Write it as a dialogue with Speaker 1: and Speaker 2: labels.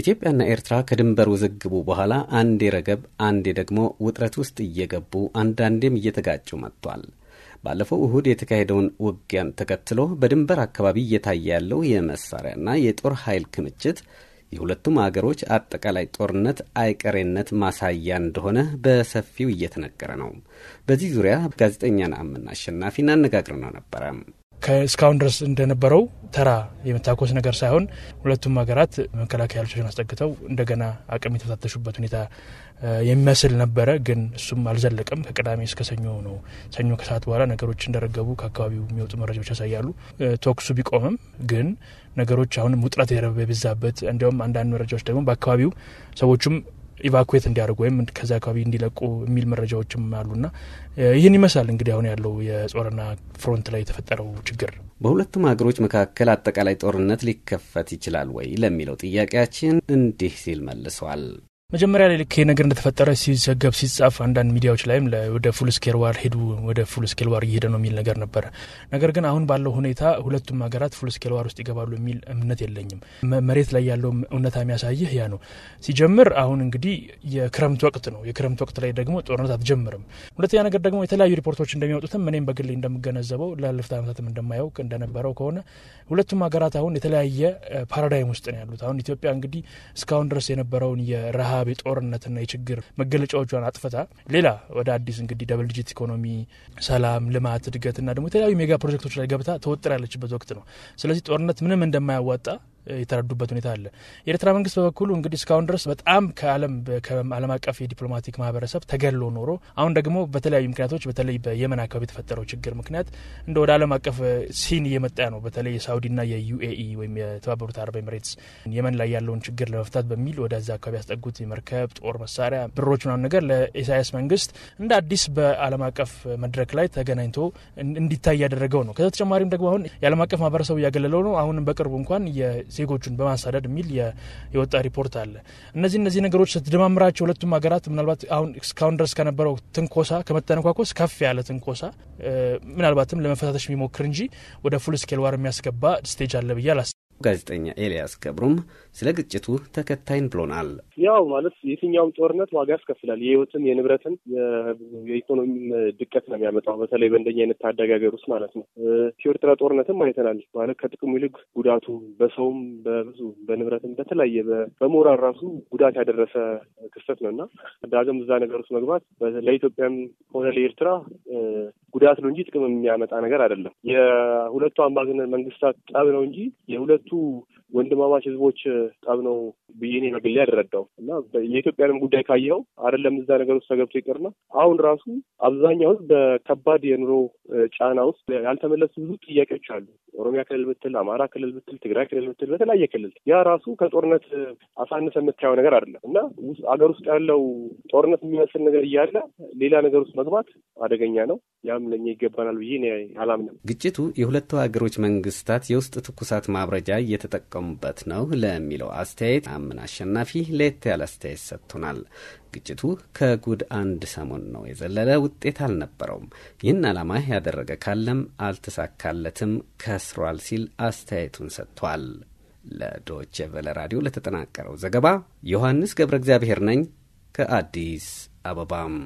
Speaker 1: ኢትዮጵያና ኤርትራ ከድንበር ውዝግቡ በኋላ አንዴ ረገብ አንዴ ደግሞ ውጥረት ውስጥ እየገቡ አንዳንዴም እየተጋጩ መጥቷል። ባለፈው እሁድ የተካሄደውን ውጊያን ተከትሎ በድንበር አካባቢ እየታየ ያለው የመሳሪያና የጦር ኃይል ክምችት የሁለቱም አገሮች አጠቃላይ ጦርነት አይቀሬነት ማሳያ እንደሆነ በሰፊው እየተነገረ ነው። በዚህ ዙሪያ ጋዜጠኛን አምና አሸናፊን አነጋግረነው ነበረ።
Speaker 2: እስካሁን ድረስ እንደነበረው ተራ የመታኮስ ነገር ሳይሆን ሁለቱም ሀገራት መከላከያ ልብሶችን አስጠግተው እንደገና አቅም የተፈታተሹበት ሁኔታ የሚመስል ነበረ። ግን እሱም አልዘለቀም። ከቅዳሜ እስከ ሰኞ ነው። ሰኞ ከሰዓት በኋላ ነገሮች እንደረገቡ ከአካባቢው የሚወጡ መረጃዎች ያሳያሉ። ተኩሱ ቢቆምም ግን ነገሮች አሁንም ውጥረት የበዛበት እንዲያውም አንዳንድ መረጃዎች ደግሞ በአካባቢው ሰዎቹም ኢቫኩዌት እንዲያደርጉ ወይም ከዚ አካባቢ እንዲለቁ የሚል መረጃዎችም አሉና ይህን ይመስላል እንግዲህ አሁን ያለው የጾረና ፍሮንት ላይ የተፈጠረው ችግር።
Speaker 1: በሁለቱም ሀገሮች መካከል አጠቃላይ ጦርነት ሊከፈት ይችላል ወይ ለሚለው ጥያቄያችን እንዲህ ሲል መልሷል።
Speaker 2: መጀመሪያ ላይ ልክ ይህ ነገር እንደተፈጠረ ሲዘገብ ሲጻፍ አንዳንድ ሚዲያዎች ላይም ወደ ፉል ስኬል ዋር ሄዱ፣ ወደ ፉል ስኬል ዋር እየሄደ ነው የሚል ነገር ነበረ። ነገር ግን አሁን ባለው ሁኔታ ሁለቱም ሀገራት ፉል ስኬል ዋር ውስጥ ይገባሉ የሚል እምነት የለኝም። መሬት ላይ ያለው እውነታ የሚያሳይህ ያ ነው። ሲጀምር አሁን እንግዲህ የክረምት ወቅት ነው። የክረምት ወቅት ላይ ደግሞ ጦርነት አትጀምርም። ሁለተኛ ነገር ደግሞ የተለያዩ ሪፖርቶች እንደሚያወጡትም እኔም በግል እንደምገነዘበው ላለፉት ዓመታትም እንደማያውቅ እንደነበረው ከሆነ ሁለቱም ሀገራት አሁን የተለያየ ፓራዳይም ውስጥ ነው ያሉት። አሁን ኢትዮጵያ እንግዲህ እስካሁን ድረስ የነበረውን የረሃ የረሃብ የጦርነትና የችግር መገለጫዎቿን አጥፍታ ሌላ ወደ አዲስ እንግዲህ ደብል ዲጂት ኢኮኖሚ፣ ሰላም፣ ልማት፣ እድገትና ደግሞ የተለያዩ ሜጋ ፕሮጀክቶች ላይ ገብታ ተወጥር ያለችበት ወቅት ነው። ስለዚህ ጦርነት ምንም እንደማያዋጣ የተረዱበት ሁኔታ አለ። የኤርትራ መንግስት በበኩሉ እንግዲህ እስካሁን ድረስ በጣም ከአለም አቀፍ የዲፕሎማቲክ ማህበረሰብ ተገሎ ኖሮ አሁን ደግሞ በተለያዩ ምክንያቶች በተለይ በየመን አካባቢ የተፈጠረው ችግር ምክንያት እንደ ወደ አለም አቀፍ ሲን እየመጣ ነው። በተለይ የሳውዲና የዩኤኢ ወይም የተባበሩት አረብ ኤምሬትስ የመን ላይ ያለውን ችግር ለመፍታት በሚል ወደዚ አካባቢ ያስጠጉት የመርከብ ጦር መሳሪያ፣ ብሮች ምናምን ነገር ለኢሳያስ መንግስት እንደ አዲስ በአለም አቀፍ መድረክ ላይ ተገናኝቶ እንዲታይ ያደረገው ነው። ከዚ ተጨማሪም ደግሞ አሁን የአለም አቀፍ ማህበረሰቡ እያገለለው ነው። አሁንም በቅርቡ እንኳን ዜጎቹን በማሳደድ የሚል የወጣ ሪፖርት አለ። እነዚህ እነዚህ ነገሮች ስትደማምራቸው ሁለቱም ሀገራት ምናልባት አሁን እስካሁን ድረስ ከነበረው ትንኮሳ ከመተነኳኮስ ከፍ ያለ ትንኮሳ ምናልባትም ለመፈታተሽ የሚሞክር እንጂ ወደ
Speaker 1: ፉል ስኬል ዋር የሚያስገባ ስቴጅ አለ ብዬ አላስ ጋዜጠኛ ኤልያስ ገብሩም ስለ ግጭቱ ተከታይን ብሎናል።
Speaker 3: ያው ማለት የትኛውም ጦርነት ዋጋ ያስከፍላል። የህይወትን፣ የንብረትን፣ የኢኮኖሚም ድቀት ነው የሚያመጣው። በተለይ በእንደኛ አይነት ታዳጊ ሀገር ውስጥ ማለት ነው። የኤርትራ ጦርነትም አይተናል። ማለት ከጥቅሙ ይልቅ ጉዳቱ በሰውም፣ በብዙ በንብረትም፣ በተለያየ በሞራል ራሱ ጉዳት ያደረሰ ክስተት ነው እና ዳግም እዛ ነገር ውስጥ መግባት ለኢትዮጵያም ሆነ ለኤርትራ ጉዳት ነው እንጂ ጥቅም የሚያመጣ ነገር አይደለም። የሁለቱ አምባገነን መንግስታት ጠብ ነው እንጂ የሁለቱ ወንድማማች ህዝቦች ጠብ ነው ብዬ እኔ በግሌ ያልረዳው እና የኢትዮጵያንም ጉዳይ ካየኸው አይደለም እዛ ነገር ውስጥ ተገብቶ ይቅርና አሁን ራሱ አብዛኛው ህዝብ በከባድ የኑሮ ጫና ውስጥ ያልተመለሱ ብዙ ጥያቄዎች አሉ። ኦሮሚያ ክልል ብትል፣ አማራ ክልል ብትል፣ ትግራይ ክልል ብትል፣ በተለያየ ክልል ያ ራሱ ከጦርነት አሳንሰ የምታየው ነገር አይደለም እና አገር ውስጥ ያለው ጦርነት የሚመስል ነገር እያለ ሌላ ነገር ውስጥ መግባት አደገኛ ነው። ያም ለኛ ይገባናል ብዬ አላምንም።
Speaker 1: ግጭቱ የሁለቱ ሀገሮች መንግስታት የውስጥ ትኩሳት ማብረጃ እየተጠቀሙ እየተጠቀሙበት ነው ለሚለው አስተያየት አምን አሸናፊ ለየት ያለ አስተያየት ሰጥቶናል። ግጭቱ ከጉድ አንድ ሰሞን ነው የዘለለ ውጤት አልነበረውም። ይህን ዓላማ ያደረገ ካለም አልተሳካለትም፣ ከስሯል ሲል አስተያየቱን ሰጥቷል። ለዶች ቨለ ራዲዮ ለተጠናቀረው ዘገባ ዮሐንስ ገብረ እግዚአብሔር ነኝ ከአዲስ አበባም